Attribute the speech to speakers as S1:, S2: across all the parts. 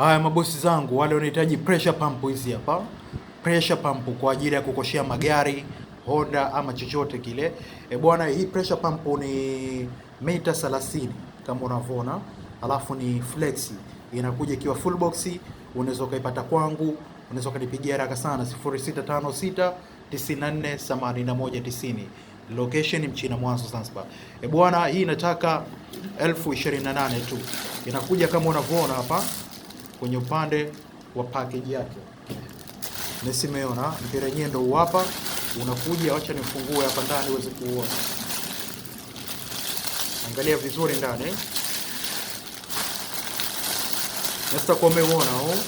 S1: Haya mabosi zangu, wale wanahitaji pressure pump, hizi hapa pressure pump kwa ajili ya kukoshea magari Honda ama chochote kile. E bwana, hii pressure pump ni mita 30 kama unavyoona, alafu ni flex, inakuja ikiwa full box. Unaweza ukaipata kwangu, unaweza ukanipigia haraka sana 0656 94 location Mchina Mwanzo Zanzibar. E bwana, hii inataka elfu ishirini na nane tu, inakuja kama unavyoona hapa kwenye upande wa package yake. Ni Simeona mpira yenyewe ndio hapa unakuja, acha nifungue hapa ndani uweze kuona. Angalia vizuri ndani. nesta, kwa umeona huu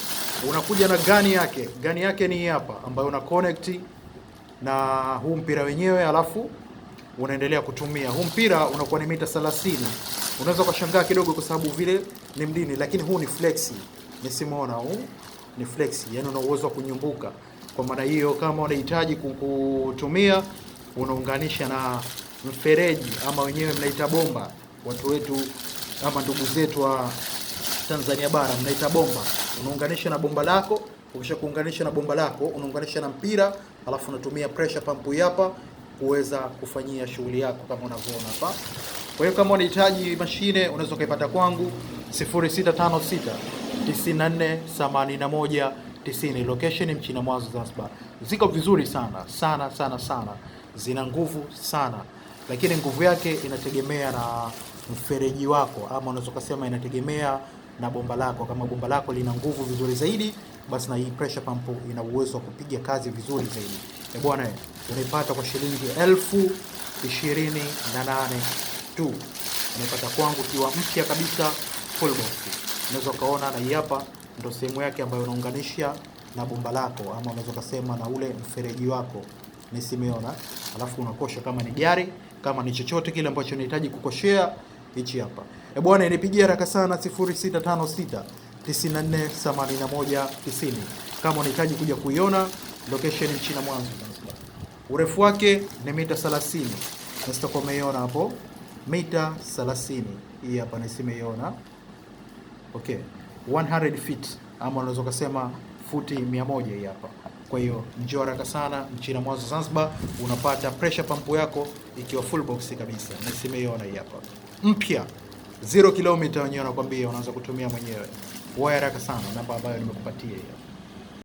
S1: unakuja na gani yake. Gani yake ni hapa ambayo una connect na huu mpira wenyewe alafu unaendelea kutumia. Huu mpira unakuwa ni mita 30. Unaweza ukashangaa kidogo kwa sababu vile ni mdini, lakini huu ni flexi. Nisimuona huu ni flexi, yani una uwezo wa kunyumbuka. Kwa maana hiyo, kama unahitaji kutumia, unaunganisha na mfereji ama wenyewe mnaita bomba. Watu wetu ama ndugu zetu wa Tanzania bara mnaita bomba. Unaunganisha na bomba lako, ukisha kuunganisha na bomba lako unaunganisha na mpira, alafu unatumia pressure pump hapa kuweza kufanyia shughuli yako kama unavyoona hapa. Kwa hiyo kama unahitaji mashine unaweza ukaipata kwangu 0656 94 Location Mchina Mwanza Zanzibar. Ziko vizuri sana sana sana sana, zina nguvu sana, lakini nguvu yake inategemea na mfereji wako, ama unaweza kusema inategemea na bomba lako. Kama bomba lako lina nguvu vizuri zaidi, basi na hii pressure pump ina uwezo wa kupiga kazi vizuri zaidi. E bwana, unaipata kwa shilingi elfu ishirini na nane tu, unaipata kwangu ikiwa mpya kabisa full box. Unaweza ukaona, na hii hapa ndio sehemu yake ambayo unaunganisha na bomba lako, ama unaweza kusema na ule mfereji wako nisimeona eh? alafu unakosha kama ni gari, kama ni chochote kile ambacho unahitaji kukoshea, hichi hapa. E bwana, nipigie haraka sana 0656 948190 kama unahitaji kuja kuiona location nchini Mwanza. Urefu wake ni mita 30 na sitakuwa umeiona hapo mita 30 hii hapa na simeiona. Okay, 100 feet ama unaweza ukasema futi 100 hii hapa. Kwa hiyo njoo haraka sana mchina Mwanza Zanzibar, unapata pressure pump yako ikiwa full box kabisa, na simeiona hii hapa mpya zero kilomita wenyewe wanakwambia, unaanza kutumia mwenyewe. Wewe haraka sana, namba ambayo nimekupatia hiyo.